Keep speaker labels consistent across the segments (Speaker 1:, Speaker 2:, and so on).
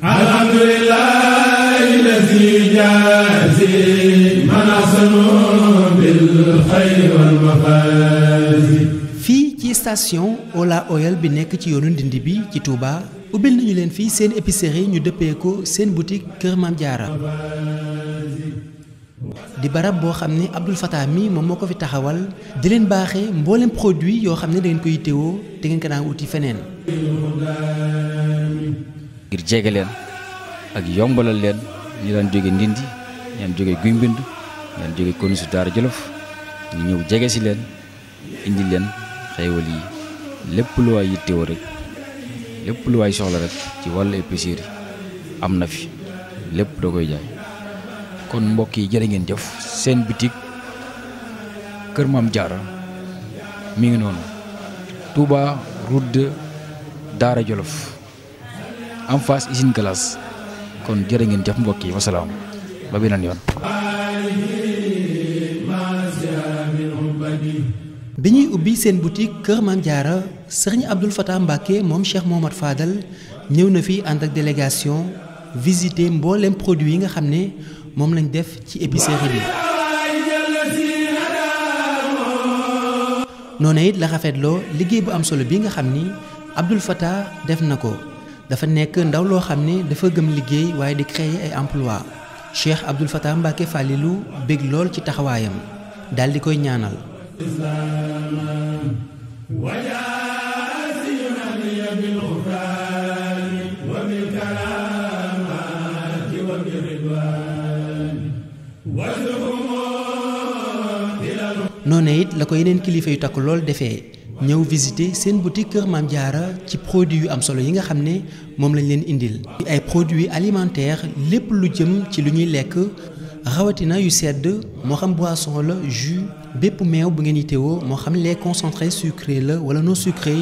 Speaker 1: fii ci station Ola oyal bi nekk ci yoonu Ndindi bi ci tuuba ubbil nañu leen fii seen épicerie ñu dëppee ko seen boutique Kër Maam Jaara di barab boo xam ne Abdoul Fatah mi moom moo ko fi taxawal di leen baaxee mboolem produit yoo xam ne dangeen ngeen koy teewoo te ngeen ko naa wuti feneen.
Speaker 2: ngir jege leen ak yombalal leen ñu daan jóge Ndindi ñu daan jóge Guy Mbind ñu daan jóge Konisu Daara Jolof ñu ñëw jege si leen indi leen xéewal yi lépp lu waay yittewoo rek lépp lu waay soxla rek ci wàllu épicerie am na fi lépp doo koy jaay kon mbokk yi jërë ngeen jëf seen bitig Kër Maam Jaara mi ngi noonu Touba route de Daara Jolof en face usine glace kon jërë ngeen jëf mbokk yi wasalaam ba beneen yoon. bi ñuy ubbi seen boutique Kër Maam
Speaker 1: Jaara sëriñ Abdul Fatah Mbacke moom Cheikh Mohamad Fadal ñëw na fi ànd ak délégation visiter mboolem produit yi nga xam ne moom lañ def ci épicerie bi. noonu it la rafetloo liggéey bu am solo bi nga xam ni Abdul Fatah def na ko. dafa nekk ndaw loo xam ne dafa gëm liggéey waaye di créer ay emploi Cheikh Abdoul Fatah Mbacké Falilou bég lool ci taxawaayam dal di koy ñaanal. noonu it la ko yeneen kilifa yu takk lool defee. ñëw visiter seen boutique Kër Maam Jaara ci produit yu am solo yi nga xam ne moom lañ leen indil. ay produits alimentaire lépp lu jëm ci lu ñuy lekk rawatina yu sedd moo xam boisson la ju bépp meew bu ngeen yittewoo moo xam lait concentré sucré la wala non sucré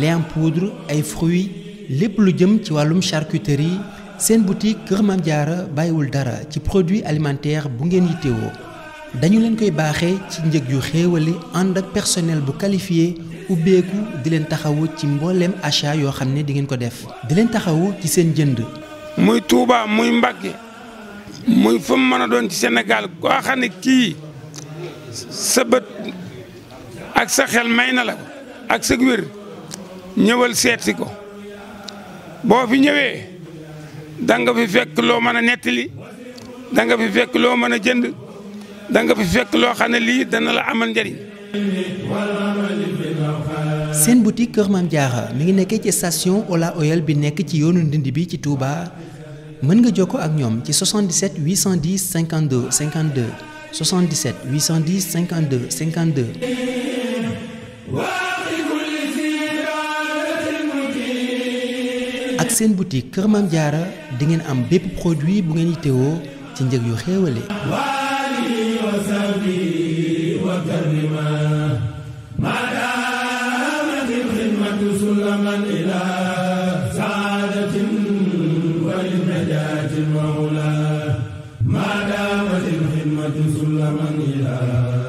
Speaker 1: lait am poudre ay fruits lépp lu jëm ci wàllum charcuterie seen boutique Kër Maam Jaara bàyyiwul dara ci produit alimentaire bu ngeen yittewoo. dañu leen koy baaxee ci njëg yu xéewali ànd ak personnel bu qualifié ubbeeku di leen taxawu ci mbooleem achat yoo xam ne dingeen ko def di leen taxawu ci seen jënd muy Touba muy Mbacké muy fu mën a doon ci Sénégal koo xam kii sa bët ak sa xel may na la ak sa wér ñëwal seetsi ko boo fi ñëwee da nga fi fekk loo mën a nettali da nga fi fekk loo mën a jënd da fi fekk loo xam ne lii dana la amal njëriñ. seen boutique Kër Maam Diarra mi ngi nekkee ci station Ola Oyel bi nekk ci yoonu Ndindi bi ci Touba mën nga ko ak ñoom ci 77 810 52 52 77 810 52 52. ak seen boutique Kër jaara di ngeen am bépp produit bu ngeen yittewoo ci njëg yu xéewale sulman ila